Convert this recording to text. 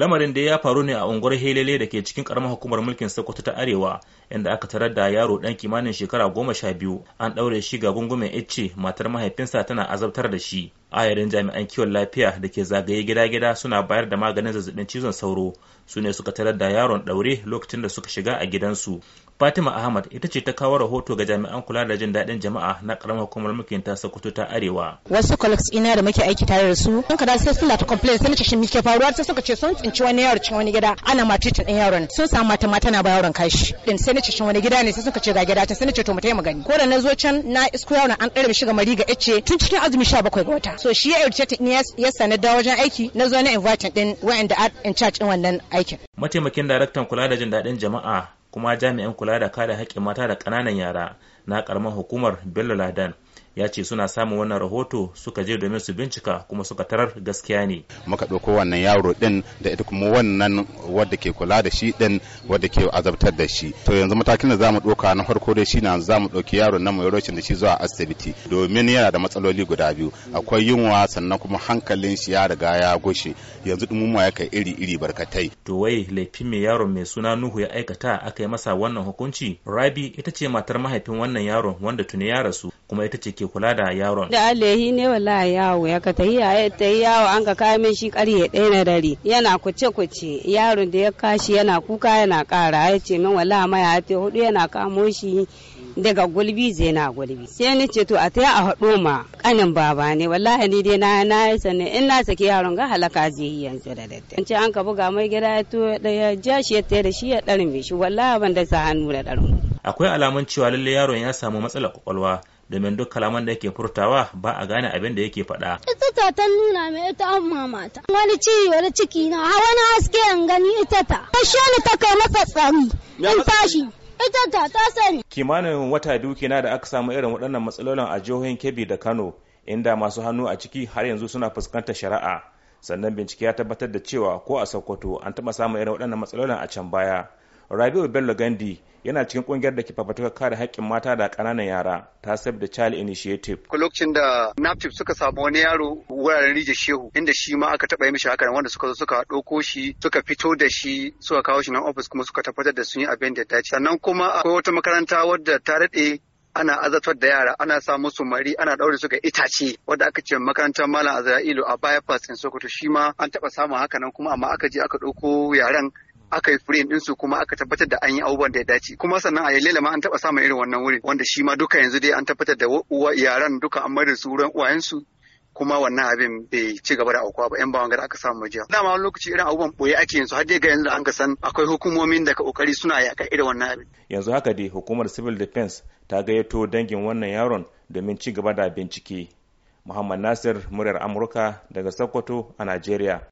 lamarin da ya faru ne a unguwar helele da ke cikin karamar hukumar mulkin sokoto ta arewa inda aka tarar da yaro dan kimanin shekara goma sha biyu an daure shi ga gungumen icce matar mahaifinsa tana azabtar da shi ayarin jami'an kiwon lafiya da ke zagaye gida-gida suna bayar da maganin zazzabin cizon sauro su ne suka tarar da yaron ɗaure lokacin da suka shiga a gidansu fatima ahmad ita ce ta kawo rahoto ga jami'an kula da jin daɗin jama'a na ƙaramar hukumar mulkin ta sokoto ta arewa wasu colleagues ina da muke aiki tare da su sun da sai sun lati complain sai mace shin muke faruwa sai suka ce sun tsinci wani yaro cikin wani gida ana titin ɗin yaron sun samu mata mata na ba yaron kashi din sai nace shin wani gida ne sai suka ce ga gida ta sai nace to mu taimaka mu ko da na zo can na isko yaron an ɗaure shi ga mari ga ice tun cikin azumi 17 ga wata so shi ya irce ya sani da wajen aiki na zo na invite din wa'anda in charge din wannan aikin mataimakin daraktan kula da jin daɗin jama'a kuma jami'in kula da kada haƙƙin mata da ƙananan yara na ƙaramar hukumar Bello Ladan ya ce suna samun wannan rahoto suka je domin su bincika kuma suka tarar gaskiya ne muka ɗauko wannan yaro ɗin da ita kuma wannan wadda ke kula da shi ɗin wadda ke azabtar da shi to yanzu matakin da zamu ɗauka na farko dai shi na za mu ɗauki yaro na mai rocin da shi zuwa asibiti domin yana da matsaloli guda biyu akwai yunwa sannan kuma hankalin shi ya riga ya gushe yanzu ɗumuma ya kai iri-iri barkatai to wai laifi mai yaron mai suna nuhu ya aikata aka yi masa wannan hukunci rabi ita ce matar mahaifin wannan yaron wanda tuni ya rasu kuma ita ce ke kula da yaron. Da alayhi ne wala yawo ya ka ta yi ta yi yawo an ka kawo min shi karye ɗaya na dare yana kuce kuce yaron da ya kashi yana kuka yana ƙara ya ce min wala maya ta hudu yana kamo shi daga gulbi zai na gulbi sai ni ce to a ta a haɗo ma kanin baba ne wallahi ni dai na na yi sanin in na saki yaron ga halaka zai yi yanzu da daddare an ce an ka buga mai gida to ya ja shi ya tayar da shi ya ɗarin shi wallahi ban da sa hannu da ɗarin akwai alamun cewa lalle yaron ya samu matsalar kwakwalwa domin duk kalaman da yake furtawa ba a gane abin da yake faɗa. Ita ta ta nuna mai ita an mamata. Wani ciki wani ciki na a wani haske an gani ita ta. Kashe ni ta kai masa tsari in tashi. Ita ta ta sani. Kimanin wata biyu kenan da aka samu irin waɗannan matsalolin a jihohin Kebbi da Kano inda masu hannu a ciki har yanzu suna fuskantar shari'a. Sannan bincike ya tabbatar da cewa ko a Sokoto an taɓa samun irin waɗannan matsalolin a can baya. rabiu bello gandi yana cikin kungiyar da ke fafatuka kare haƙƙin mata da ƙananan yara ta save the child initiative lokacin da naptip suka samu wani yaro wuraren rijiyar shehu inda shi ma aka taɓa yi mishi hakan wanda suka zo suka ɗauko shi suka fito da shi suka kawo shi nan ofis kuma suka tabbatar da sun yi abin da ya dace sannan kuma akwai wata makaranta wadda ta daɗe ana azatar da yara ana sa musu mari ana ɗaure su ga itace Wadda aka ce makarantar malam azra'ilu a bypass in sokoto shi ma an taɓa samun hakanan kuma amma aka je aka ɗauko yaran aka yi frame din su kuma aka tabbatar da an yi abubuwan da ya dace kuma sannan a yalela ma an taba samun irin wannan wurin wanda shi ma duka yanzu dai an tabbatar da yaran duka an mai su wurin uwayensu kuma wannan abin bai ci gaba da aukuwa ba yan bawan gada aka samu jiya dama wani lokaci irin abubuwan boye ake su har dai ga yanzu an ka san akwai hukumomin da ka kokari suna yaƙa irin wannan abin yanzu haka dai hukumar civil defense ta gayyato dangin wannan yaron domin ci gaba da bincike muhammad nasir muryar amurka daga sokoto a najeriya